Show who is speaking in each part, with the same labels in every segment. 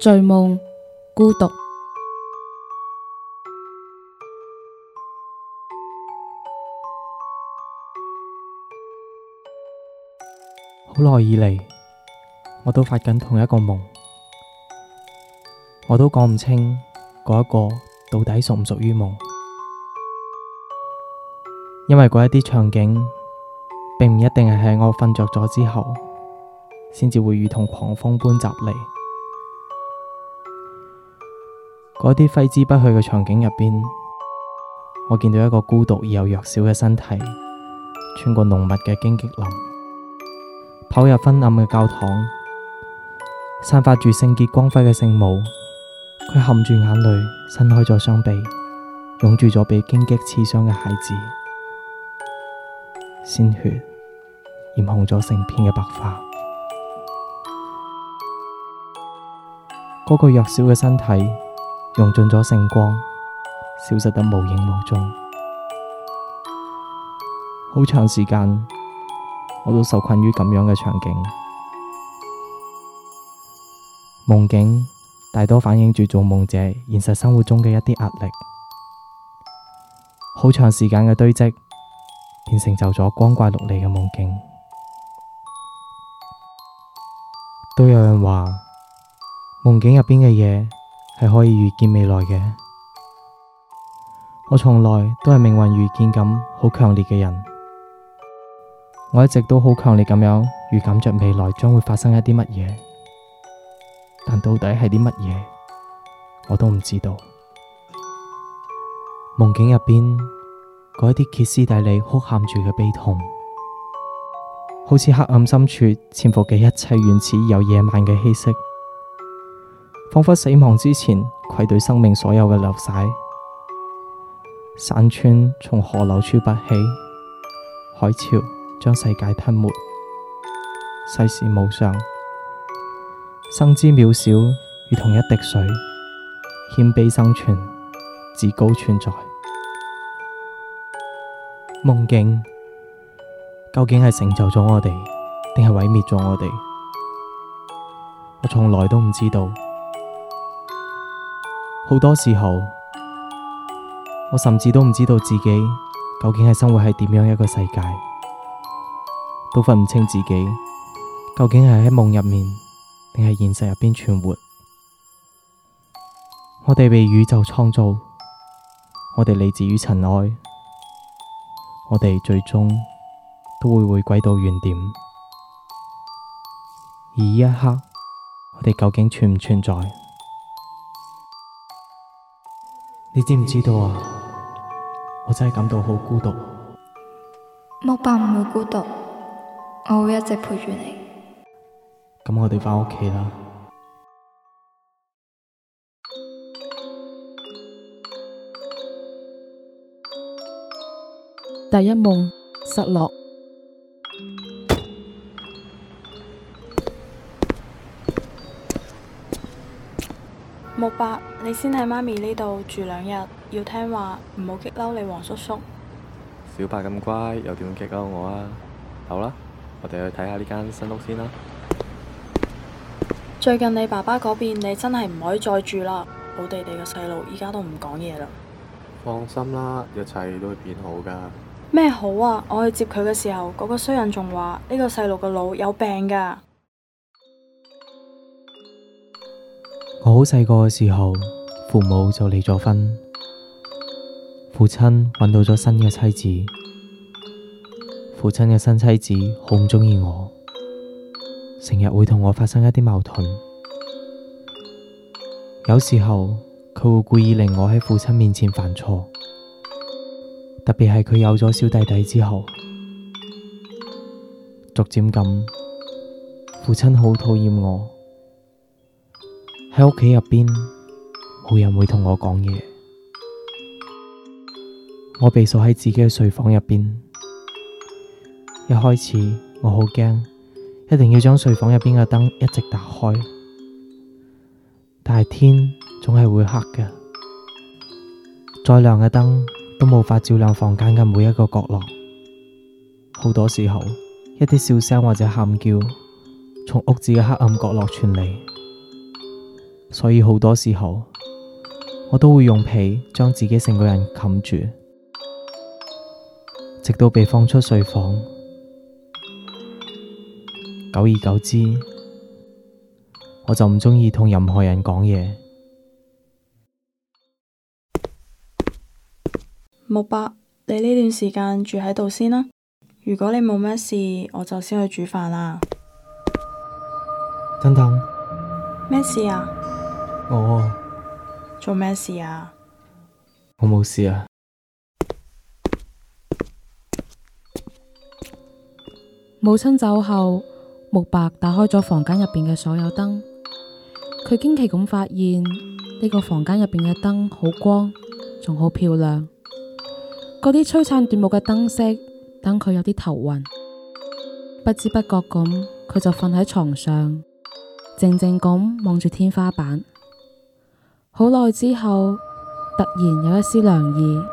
Speaker 1: 醉夢孤獨，
Speaker 2: 好耐以嚟，我都發緊同一個夢，我都講唔清嗰一個到底屬唔屬於夢，因為嗰一啲場景，並唔一定係喺我瞓着咗之後，先至會如同狂風般襲嚟。嗰啲揮之不去嘅場景入邊，我見到一個孤獨而又弱小嘅身體，穿過濃密嘅荊棘林，跑入昏暗嘅教堂，散發住聖潔光輝嘅聖母，佢含住眼淚，伸開咗雙臂，擁住咗被荊棘刺傷嘅孩子，鮮血染紅咗成片嘅白花，嗰個弱小嘅身體。用盡咗聖光，消失得無影無蹤。好長時間，我都受困於咁樣嘅場景。夢境大多反映住做夢者現實生活中嘅一啲壓力，好長時間嘅堆積，便成就咗光怪陸離嘅夢境。都有人話，夢境入邊嘅嘢，係可以預見未來嘅，我從來都係命運預見咁好強烈嘅人，我一直都好強烈咁樣預感着未來將會發生一啲乜嘢，但到底係啲乜嘢，我都唔知道。夢境入邊嗰一啲歇斯底里哭喊住嘅悲痛，好似黑暗深處潛伏嘅一切原始又野蠻嘅氣息。仿佛死亡之前，愧對生命所有嘅流徙。山川從河流處拔起，海潮將世界吞沒。世事無常，生之渺小，如同一滴水，謙卑生存，至高存在。夢境究竟係成就咗我哋，定係毀滅咗我哋？我從來都唔知道。好多時候，我甚至都唔知道自己究竟係生活喺點樣一個世界，都分唔清自己究竟係喺夢入面定係現實入邊存活。我哋被宇宙創造，我哋嚟自於塵埃，我哋最終都會回歸到原點。而呢一刻，我哋究竟存唔存在？你知唔知道啊？我真係感到好孤獨。
Speaker 3: 木柏唔會孤獨，我會一直陪住你。
Speaker 2: 咁我哋翻屋企啦。
Speaker 1: 第一夢，失落。
Speaker 4: 木伯，你先喺媽咪呢度住兩日，要聽話，唔好激嬲你黃叔叔。
Speaker 5: 小白咁乖，又點激嬲我啊？好啦，我哋去睇下呢間新屋先啦。
Speaker 4: 最近你爸爸嗰邊，你真係唔可以再住啦。好哋哋嘅細路依家都唔講嘢啦。
Speaker 5: 放心啦，一切都會變好噶。
Speaker 4: 咩好啊？我去接佢嘅時候，嗰個衰人仲話呢個細路個腦有病噶。
Speaker 2: 好細個嘅時候，父母就離咗婚。父親揾到咗新嘅妻子，父親嘅新妻子好唔中意我，成日會同我發生一啲矛盾。有時候佢會故意令我喺父親面前犯錯，特別係佢有咗小弟弟之後，逐漸咁，父親好討厭我。喺屋企入邊，冇人會同我講嘢。我被鎖喺自己嘅睡房入邊。一開始我好驚，一定要將睡房入邊嘅燈一直打開。但係天總係會黑嘅，再亮嘅燈都無法照亮房間嘅每一個角落。好多時候，一啲笑聲或者喊叫從屋子嘅黑暗角落傳嚟。所以好多時候，我都會用被將自己成個人冚住，直到被放出睡房。久而久之，我就唔鍾意同任何人講嘢。
Speaker 4: 木伯，你呢段時間住喺度先啦。如果你冇咩事，我就先去煮飯啦。
Speaker 2: 等等。
Speaker 4: 咩事啊？哦，做
Speaker 1: 咩事啊？
Speaker 2: 我冇事啊。
Speaker 1: 母親走後，木白打開咗房間入邊嘅所有燈。佢驚奇咁發現呢個房間入邊嘅燈好光，仲好漂亮。嗰啲璀璨奪目嘅燈色，等佢有啲頭暈。不知不覺咁，佢就瞓喺床上，靜靜咁望住天花板。好耐之後，突然有一絲涼意，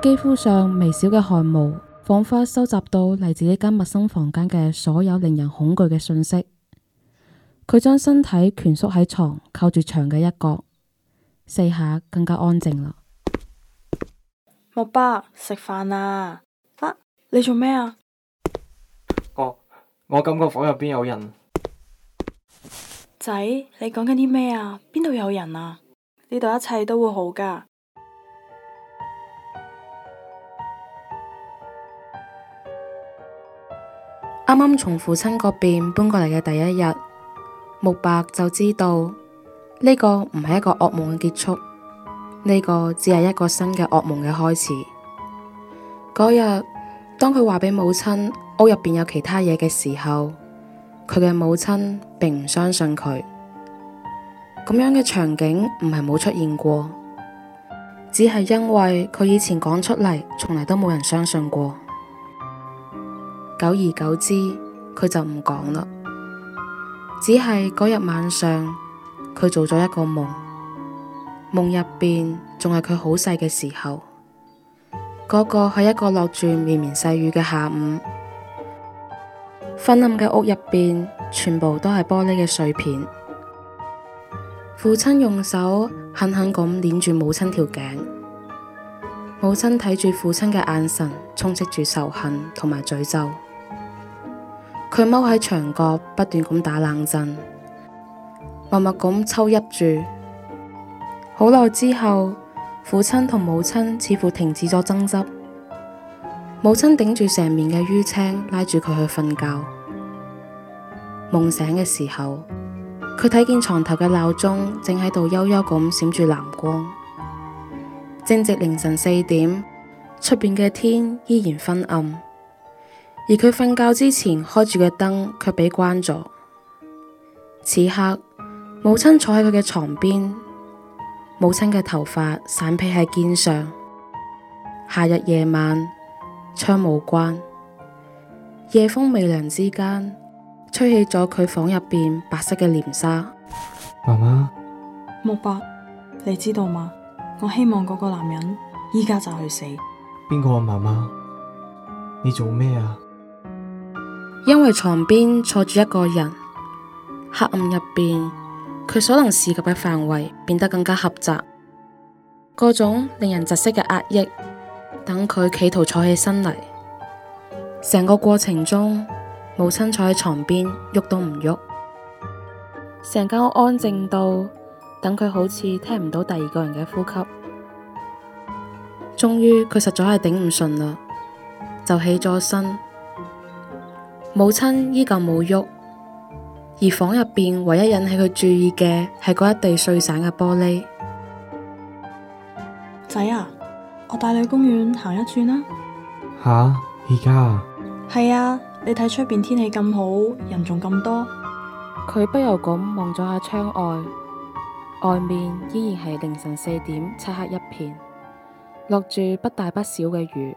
Speaker 1: 肌膚上微小嘅汗毛，仿佛收集到嚟自呢間陌生房間嘅所有令人恐懼嘅訊息。佢將身體蜷縮喺床，靠住牆嘅一角，四下更加安靜啦。
Speaker 4: 莫爸食飯啦！伯、啊，你做咩啊？
Speaker 2: 我我感覺房入邊
Speaker 5: 有人。
Speaker 4: 仔，你講緊啲咩啊？邊度有人啊？呢度一切都會好噶。
Speaker 1: 啱啱從父親嗰邊搬過嚟嘅第一日，木白就知道呢個唔係一個噩夢嘅結束，呢個只係一個新嘅噩夢嘅開始。嗰日，當佢話俾母親屋入邊有其他嘢嘅時候，佢嘅母親並唔相信佢，咁樣嘅場景唔係冇出現過，只係因為佢以前講出嚟，從來都冇人相信過。久而久之，佢就唔講啦，只係嗰日晚上，佢做咗一個夢，夢入邊仲係佢好細嘅時候，嗰個係一個落住綿綿細雨嘅下午。昏暗嘅屋入邊，全部都係玻璃嘅碎片。父親用手狠狠咁捏住母親條頸，母親睇住父親嘅眼神，充斥住仇恨同埋詛咒。佢踎喺牆角，不斷咁打冷震，默默咁抽泣住。好耐之後，父親同母親似乎停止咗爭執。母親頂住成面嘅淤青，拉住佢去瞓覺。夢醒嘅時候，佢睇見床頭嘅鬧鐘正喺度幽幽咁閃住藍光，正值凌晨四點，出邊嘅天依然昏暗，而佢瞓覺之前開住嘅燈卻被關咗。此刻，母親坐喺佢嘅床邊，母親嘅頭髮散披喺肩上，夏日夜晚。窗冇關，夜風微涼之間，吹起咗佢房入邊白色嘅簾紗。
Speaker 2: 媽媽媽，
Speaker 1: 木伯，
Speaker 4: 你知道嗎？我希望嗰個男人依家就去死。
Speaker 2: 邊個啊，媽媽？你做咩啊？
Speaker 1: 因為床邊坐住一個人，黑暗入邊，佢所能涉及嘅範圍變得更加狹窄，各種令人窒息嘅壓抑。等佢企圖坐起身嚟，成個過程中，母親坐喺床邊，喐都唔喐。成間屋安靜到，等佢好似聽唔到第二個人嘅呼吸。終於，佢實在係頂唔順啦，就起咗身。母親依舊冇喐，而房入邊唯一引起佢注意嘅係嗰一地碎散嘅玻璃。
Speaker 4: 仔啊！
Speaker 1: 我帶你去公園行一轉啦。
Speaker 2: 吓，而家啊？
Speaker 4: 係啊，你睇出邊天氣咁好，人仲咁
Speaker 1: 多。佢不由咁望咗下窗外，外面依然係凌晨四點，漆黑一片，落住不大不小嘅雨。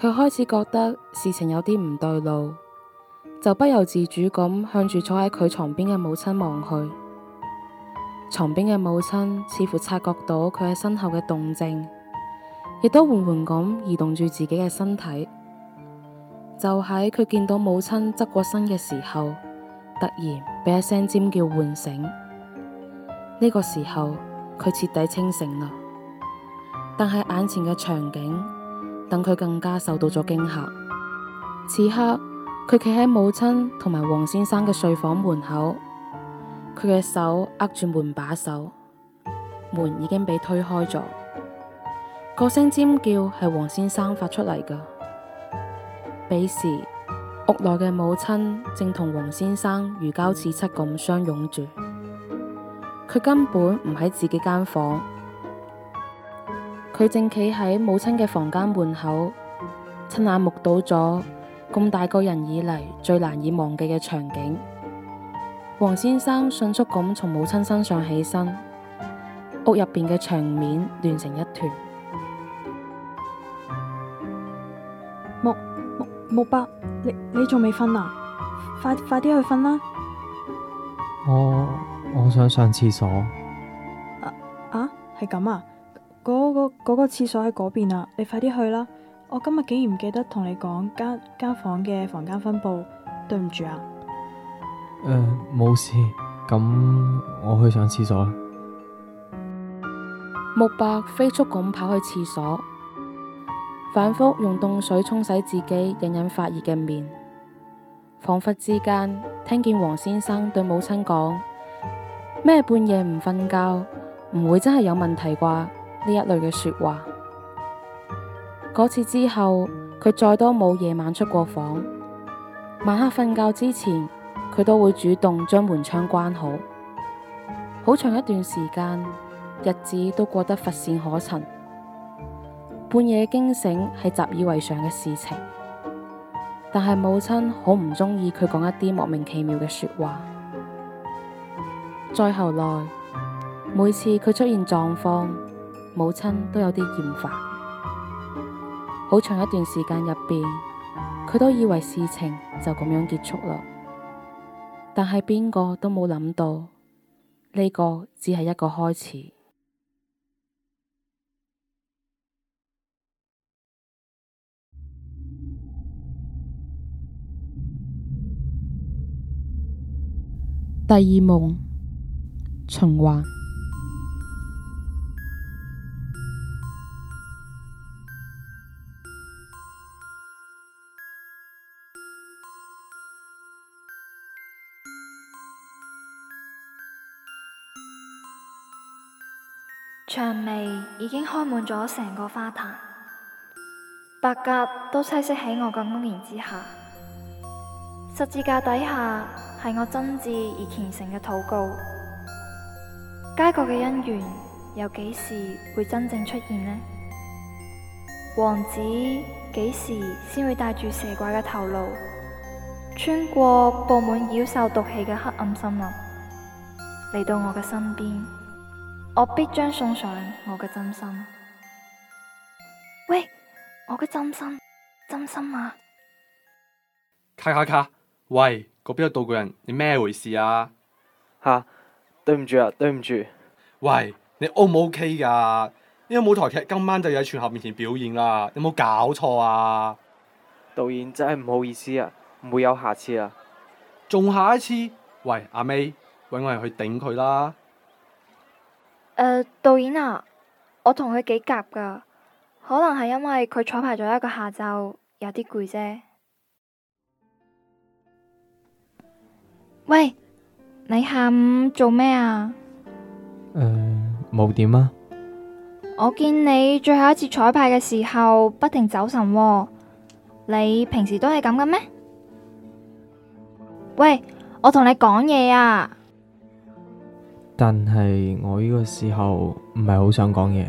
Speaker 1: 佢開始覺得事情有啲唔對路，就不由自主咁向住坐喺佢床邊嘅母親望去。床邊嘅母親似乎察覺到佢喺身後嘅動靜。亦都緩緩咁移動住自己嘅身體，就喺佢見到母親側過身嘅時候，突然俾一聲尖叫喚醒。呢個時候，佢徹底清醒啦。但係眼前嘅場景，等佢更加受到咗驚嚇。此刻，佢企喺母親同埋王先生嘅睡房門口，佢嘅手握住門把手，門已經被推開咗。嗰聲尖叫係王先生發出嚟㗎。彼時屋內嘅母親正同王先生如膠似漆咁相擁住，佢根本唔喺自己間房，佢正企喺母親嘅房間門口，親眼目睹咗咁大個人以嚟最難以忘記嘅場景。王先生迅速咁從母親身上起身，屋入邊嘅場面亂成一團。
Speaker 4: 木伯，你你仲未瞓啊？快快啲去瞓啦！
Speaker 2: 我我想上廁所。
Speaker 4: 啊啊，係咁啊！嗰個、嗰個廁所喺嗰邊啊！你快啲去啦！我今日竟然唔記得同你講間間房嘅房間分布，對唔住啊！
Speaker 2: 誒、呃，冇事，咁我去上廁所
Speaker 1: 啦。木伯飛速咁跑去廁所。反覆用凍水沖洗自己隱隱發熱嘅面，恍惚之間聽見王先生對母親講：咩 半夜唔瞓覺唔會真係有問題啩？呢一類嘅說話。嗰 次之後，佢再都冇夜晚出過房，晚黑瞓覺之前，佢都會主動將門窗關好。好長一段時間，日子都過得乏善可陳。半夜驚醒係習以為常嘅事情，但係母親好唔中意佢講一啲莫名其妙嘅說話。再後來，每次佢出現狀況，母親都有啲厭煩。好長一段時間入邊，佢都以為事情就咁樣結束啦。但係邊個都冇諗到呢個只係一個開始。第二夢循環，
Speaker 3: 薔薇已經開滿咗成個花壇，白鴿都棲息喺我嘅屋檐之下，十字架底下，係我真摯而虔誠嘅禱告。街角嘅恩緣又幾時會真正出現呢？王子幾時先會帶住蛇怪嘅頭顱，穿過布滿妖獸毒氣嘅黑暗森林，嚟到我嘅身邊？我必將送上我嘅真心。喂，我嘅真心，真心啊！
Speaker 5: 咔咔咔，喂！我邊度道具人？你咩回事啊？吓，對唔住啊，對唔住。喂，你 O 唔 O K 噶？呢個舞台劇今晚就要喺全校面前表演啦，有冇搞錯啊？導演真係唔好意思啊，唔會有下次啊！仲下一次？喂，阿 May，搵我嚟去頂佢啦。
Speaker 3: 誒、呃，導演啊，我同佢幾夾噶，可能係因為佢彩排咗一個下晝，有啲攰啫。喂，你下午做咩、呃、啊？
Speaker 2: 冇點啊。
Speaker 3: 我見你最後一次彩排嘅時候，不停走神。哦。你平時都係咁嘅咩？喂，我同你講嘢啊。
Speaker 2: 但係我呢個時候唔係好想講嘢。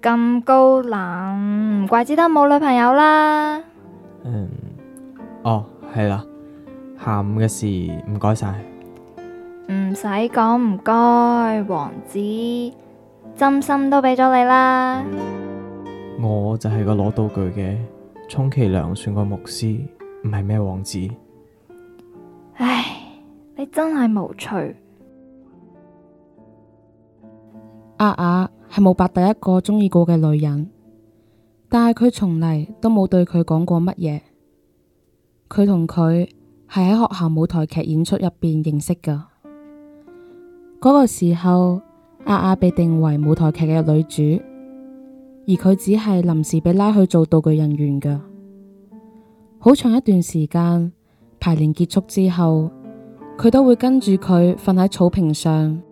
Speaker 3: 咁高冷，怪之得冇女朋友啦。
Speaker 2: 嗯，哦，係啦，下午嘅事唔該晒，
Speaker 3: 唔使講唔該，王子真心都畀咗你啦，
Speaker 2: 我就係個攞道具嘅，充其量算個牧師，唔係咩王子，
Speaker 3: 唉，你真係無趣，
Speaker 1: 阿雅、啊，係、啊、冇白第一個中意過嘅女人。但係佢從嚟都冇對佢講過乜嘢。佢同佢係喺學校舞台劇演出入邊認識噶。嗰個時候，阿雅被定為舞台劇嘅女主，而佢只係臨時被拉去做道具人員噶。好長一段時間，排練結束之後，佢都會跟住佢瞓喺草坪上。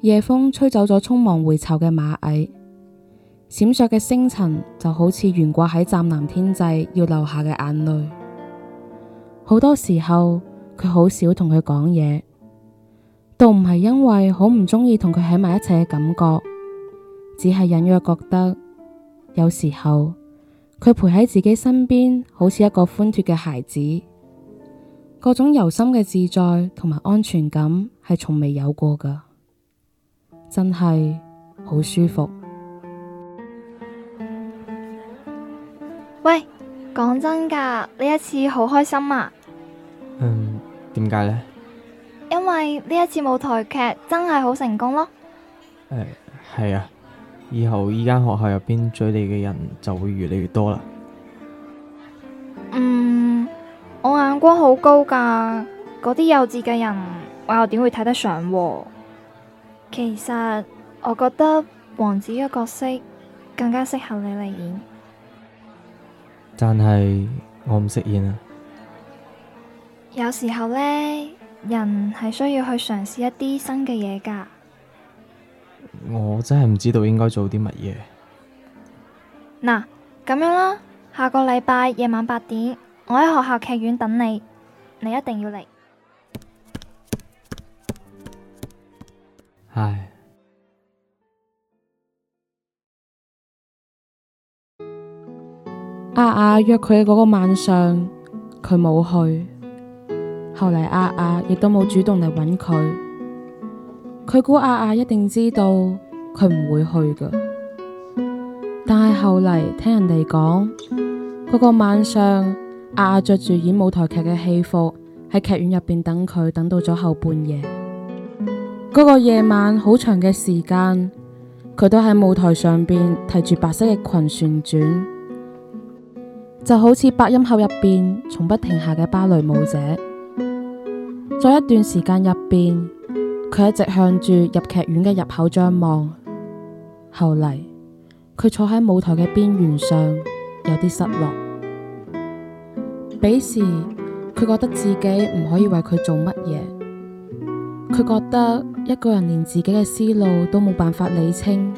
Speaker 1: 夜風吹走咗匆忙回巢嘅螞蟻。閃爍嘅星辰就好似懸掛喺湛藍天際要流下嘅眼淚。好多時候佢好少同佢講嘢，倒唔係因為好唔中意同佢喺埋一齊嘅感覺，只係隱約覺得，有時候佢陪喺自己身邊，好似一個寬脫嘅孩子，各種由心嘅自在同埋安全感係從未有過噶，真係好舒服。
Speaker 3: 喂，講真噶，呢一次好開心啊！
Speaker 1: 嗯，點解
Speaker 2: 呢？
Speaker 3: 因為呢一次舞台劇真係好成功咯
Speaker 2: 啊。誒、呃，係啊，以後依間學校入邊追你嘅人就會越嚟越多啦。
Speaker 3: 嗯，我眼光好高噶，嗰啲幼稚嘅人我又點會睇得上啊？其實我覺得王子嘅角色更加適合你嚟演。
Speaker 2: 但係我唔識演啊！
Speaker 3: 有時候咧，人係需要去嘗試一啲新嘅嘢噶。
Speaker 2: 我真係唔知道應該做啲乜嘢。
Speaker 3: 嗱，咁樣啦，下個禮拜夜晚八點，我喺學校劇院等你，你一定要嚟。
Speaker 1: 阿雅、阿雅、約佢嘅嗰個晚上，佢冇去。後嚟阿雅亦都冇主動嚟揾佢，佢估阿雅一定知道佢唔會去㗎。但係後嚟聽人哋講，嗰、嗰個晚上，阿雅着住演舞台劇嘅戲服，喺劇院入邊等佢，等到咗後半夜。嗰、嗰個夜晚好長嘅時間，佢都喺舞台上邊提住白色嘅裙旋轉。就好似八音盒入邊從不停下嘅芭蕾舞者，在一段時間入邊，佢一直向住入劇院嘅入口張望。後嚟，佢坐喺舞台嘅邊緣上，有啲失落。彼時，佢覺得自己唔可以為佢做乜嘢。佢覺得一個人連自己嘅思路都冇辦法理清，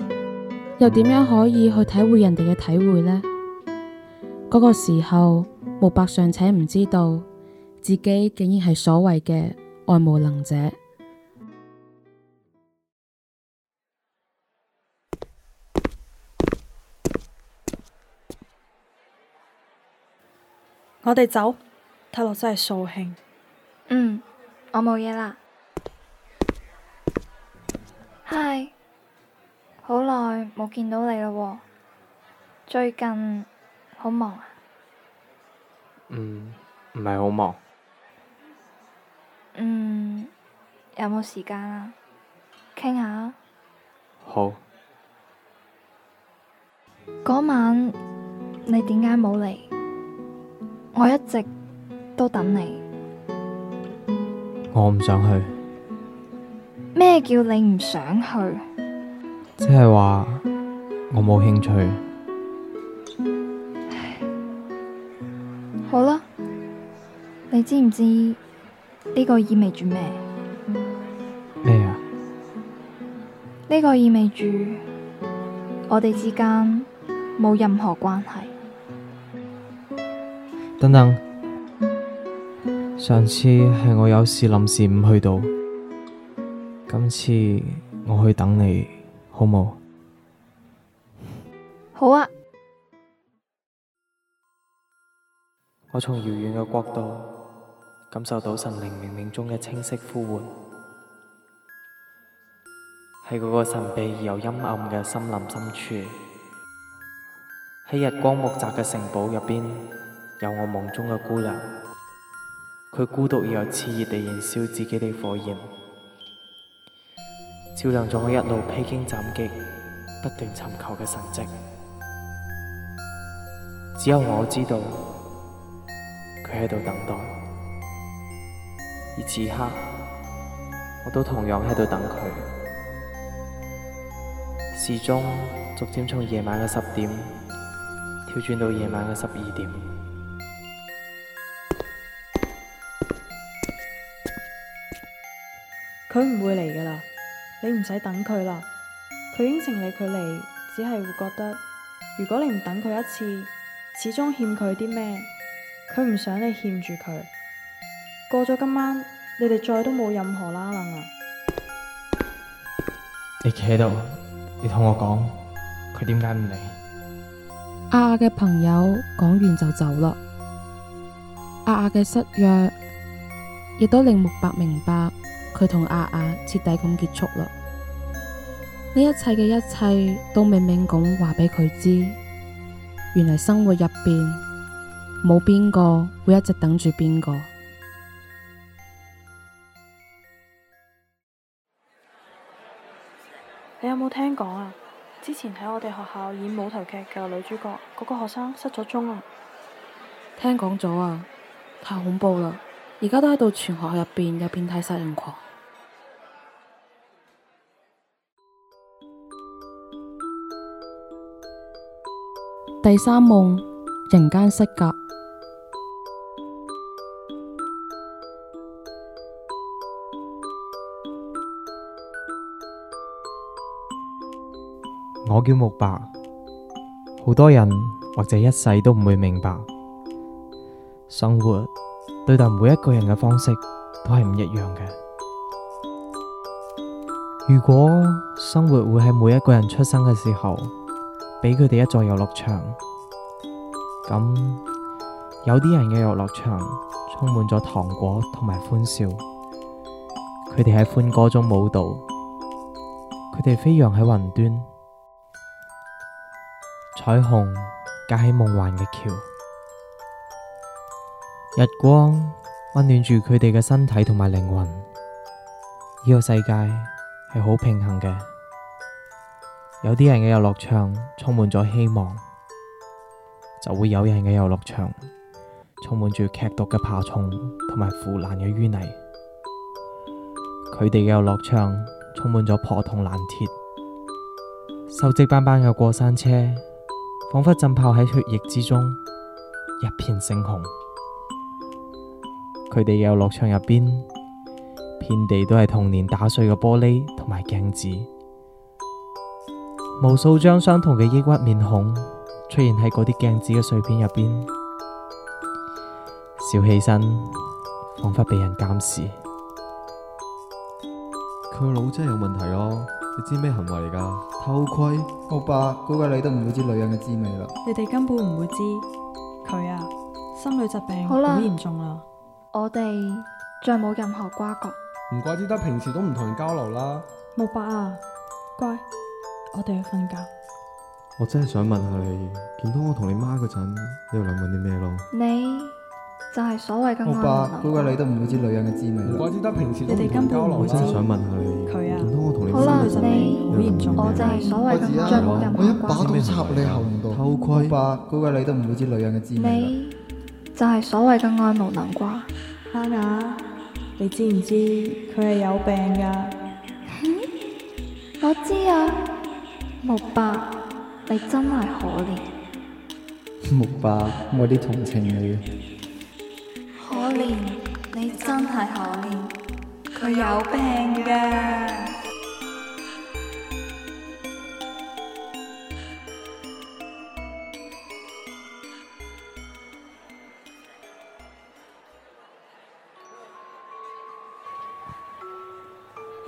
Speaker 1: 又點樣可以去體會人哋嘅體會呢？嗰個時候，莫白尚且唔知道自己竟然係所謂嘅愛無能者。
Speaker 4: 我哋走，睇落真係掃興。嗯，我冇嘢啦。嗨，
Speaker 3: 好耐冇見到你喇喎。最近。好忙啊？
Speaker 2: 嗯，唔係好忙。
Speaker 3: 嗯，有冇時間啊？傾下。
Speaker 5: 好。
Speaker 3: 嗰晚你點解冇嚟？我一直都等你。
Speaker 2: 我唔想去。
Speaker 3: 咩叫你唔想去？
Speaker 2: 即係話我冇興趣。
Speaker 3: 知唔知呢，這個意味住咩？
Speaker 2: 咩啊？哎呀？
Speaker 3: 呢個意味住我哋之間冇任何關係。
Speaker 2: 等等，嗯，上次係我有事臨時唔去到，今次我去等你好冇？
Speaker 3: 好啊！
Speaker 2: 我從遙遠嘅國度，感受到神靈冥冥中嘅清晰呼喚，喺嗰個神秘而又陰暗嘅森林深處，喺日光木宅嘅城堡入邊有我夢中嘅姑娘，佢孤獨而又熾熱地燃燒自己嘅火焰，照亮咗我一路披荊斬棘、不斷尋求嘅神迹。只有我知道，佢喺度等待。而此刻，我都同樣喺度等佢。時鐘逐漸從夜晚嘅十點跳轉到夜晚嘅十二點。
Speaker 4: 佢唔會嚟噶啦，你唔使等佢啦。佢應承你佢嚟，只係會覺得如果你唔等佢一次，始終欠佢啲咩。佢唔想你欠住佢。過咗今晚，你哋再都冇任何啦啦啦。
Speaker 2: 你企喺度，你同我講，佢點解唔嚟？
Speaker 1: 阿亞嘅朋友講完就走啦。阿亞嘅失約，亦都令木白明白佢同阿亞徹底咁結束啦。呢一切嘅一切，都明明咁話畀佢知，原來生活入邊冇邊個會一直等住邊個。
Speaker 4: 聽講啊，之前喺我哋學校演舞台劇嘅女主角，嗰個學生失咗蹤啊！
Speaker 1: 聽講咗啊，太恐怖啦！而家都喺度傳學校入邊有變態殺人狂。第三夢，人間失格。
Speaker 2: 我叫木白，好多人或者一世都唔會明白，生活對待每一個人嘅方式都係唔一樣嘅。如果生活會喺每一個人出生嘅時候，畀佢哋一座遊樂場，咁有啲人嘅遊樂場充滿咗糖果同埋歡笑，佢哋喺歡歌中舞蹈，佢哋飛揚喺雲端。彩虹架起夢幻嘅橋，日光溫暖住佢哋嘅身體同埋靈魂。呢、這個世界係好平衡嘅，有啲人嘅遊樂場充滿咗希望，就會有人嘅遊樂場充滿住劇毒嘅爬蟲同埋腐爛嘅淤泥。佢哋嘅遊樂場充滿咗破銅爛鐵、鏽迹斑斑嘅過山車。仿佛浸泡喺血液之中，一片猩紅。佢哋嘅遊樂場入邊，遍地都係童年打碎嘅玻璃同埋鏡子，無數張相同嘅抑鬱面孔出現喺嗰啲鏡子嘅碎片入邊，笑起身，仿佛被人監視。
Speaker 5: 佢個腦真係有問題咯。你知咩行為嚟噶？偷窺，木柏，估計你都唔會知女人嘅滋味啦。
Speaker 4: 你哋根本唔會知，佢啊，心理疾病好嚴重啦。我哋再冇任何瓜葛。
Speaker 5: 唔怪之得平時都唔同人交流啦。
Speaker 4: 木柏啊，乖，我哋去瞓覺。
Speaker 5: 我真係想問下你，見到我同你媽嗰陣，你又諗緊啲咩咯？
Speaker 3: 你就係所謂嘅木柏，估計你
Speaker 5: 都唔會知女人嘅滋味唔怪啦。你哋根本唔會交流。我真係想問佢，見可能你重，你我就係所謂嘅弱男人，我一把都要插你後腦，偷窺，木霸，估計你都唔會知女人嘅滋味。你
Speaker 4: 就係所謂嘅愛無能瓜。阿雅、啊，你知唔知佢係有病噶、
Speaker 5: 嗯？
Speaker 4: 我知啊，
Speaker 3: 木霸，你真係可憐。
Speaker 2: 木霸，我
Speaker 1: 啲同情你。
Speaker 3: 可憐，你真係可憐，佢有病噶。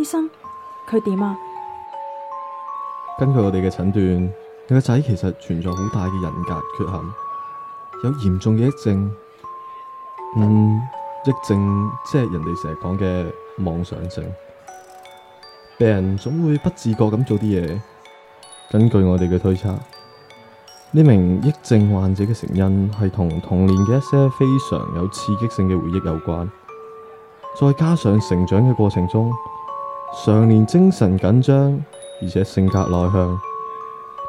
Speaker 4: 醫生，佢點啊？
Speaker 5: 根據我哋嘅診斷，你個仔其實存在好大嘅人格缺陷，有嚴重嘅癔症。嗯，癔症即係人哋成日講嘅妄想症，病人總會不自覺咁做啲嘢。根據我哋嘅推測，呢名癔症患者嘅成因係同童年嘅一些非常有刺激性嘅回憶有關，再加上成長嘅過程中。常年精神緊張，而且性格內向，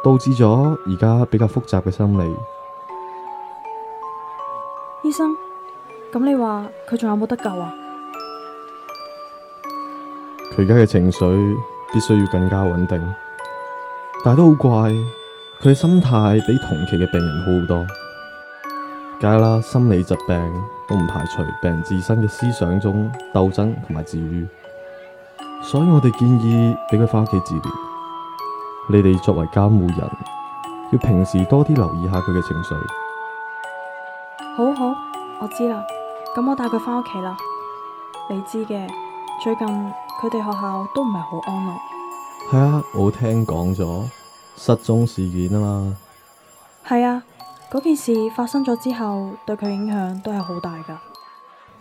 Speaker 5: 導致咗而家比較複雜嘅心理。
Speaker 4: 醫生，咁你話佢仲有冇得救啊？
Speaker 5: 佢而家嘅情緒必須要更加穩定，但係都好怪，佢嘅心態比同期嘅病人好好多。梗係啦，心理疾病都唔排除病人自身嘅思想中鬥爭同埋治癒。所以我哋建議俾佢翻屋企治療。你哋作為監護人，要平時多啲留意下佢嘅情緒。
Speaker 4: 好好，我知啦。咁我帶佢翻屋企啦。你知嘅，最近佢哋學校都唔係好安樂。
Speaker 5: 係啊，我聽講咗失蹤事件啊嘛。
Speaker 4: 係啊，嗰件事發生咗之後，對佢影響都係好大噶。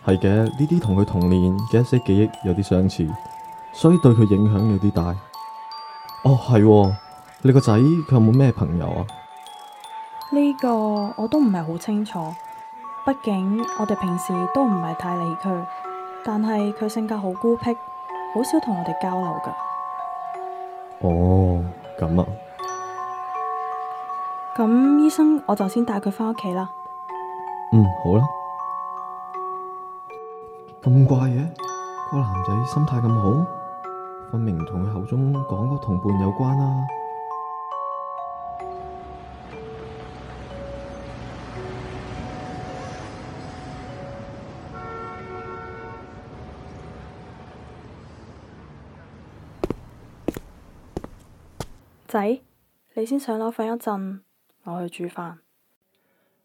Speaker 5: 係嘅，呢啲同佢童年嘅一些記憶有啲相似。所以對佢影響有啲大。哦，係喎，你個仔佢有冇咩朋友啊？
Speaker 4: 呢個我都唔係好清楚，畢竟我哋平時都唔係太理佢，但係佢性格好孤僻，好少同我哋交流噶。
Speaker 5: 哦，咁啊。
Speaker 4: 咁醫生，我就先帶佢翻屋企啦。
Speaker 5: 嗯，好啦。咁怪嘅，個男仔心態咁好。分明同佢口中講嗰同伴有關啦。啊！
Speaker 4: 仔，你先上樓瞓一陣，我去煮飯。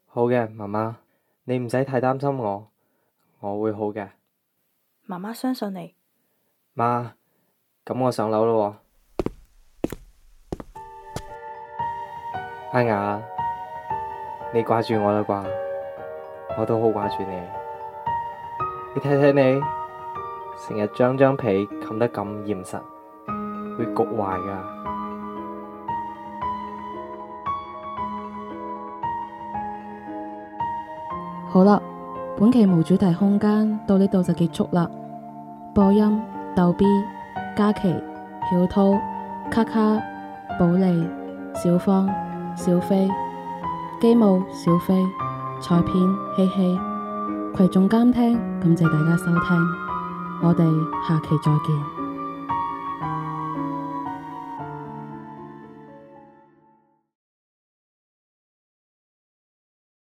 Speaker 2: 好嘅，媽媽，你唔使太擔心我，我會好嘅。
Speaker 4: 媽媽相信你。
Speaker 2: 媽。咁我上樓咯，阿雅，你掛住我啦啩？我都好掛住你。你睇睇你，成日張張被冚得咁嚴實，會焗壞噶。
Speaker 1: 好啦，本期無主題空間到呢度就結束啦。播音，逗逼。嘉琪、曉濤、卡卡、寶莉、小方、小飛、機務、小飛、採編、希希，葵總監聽，感謝大家收聽，我哋下期再見。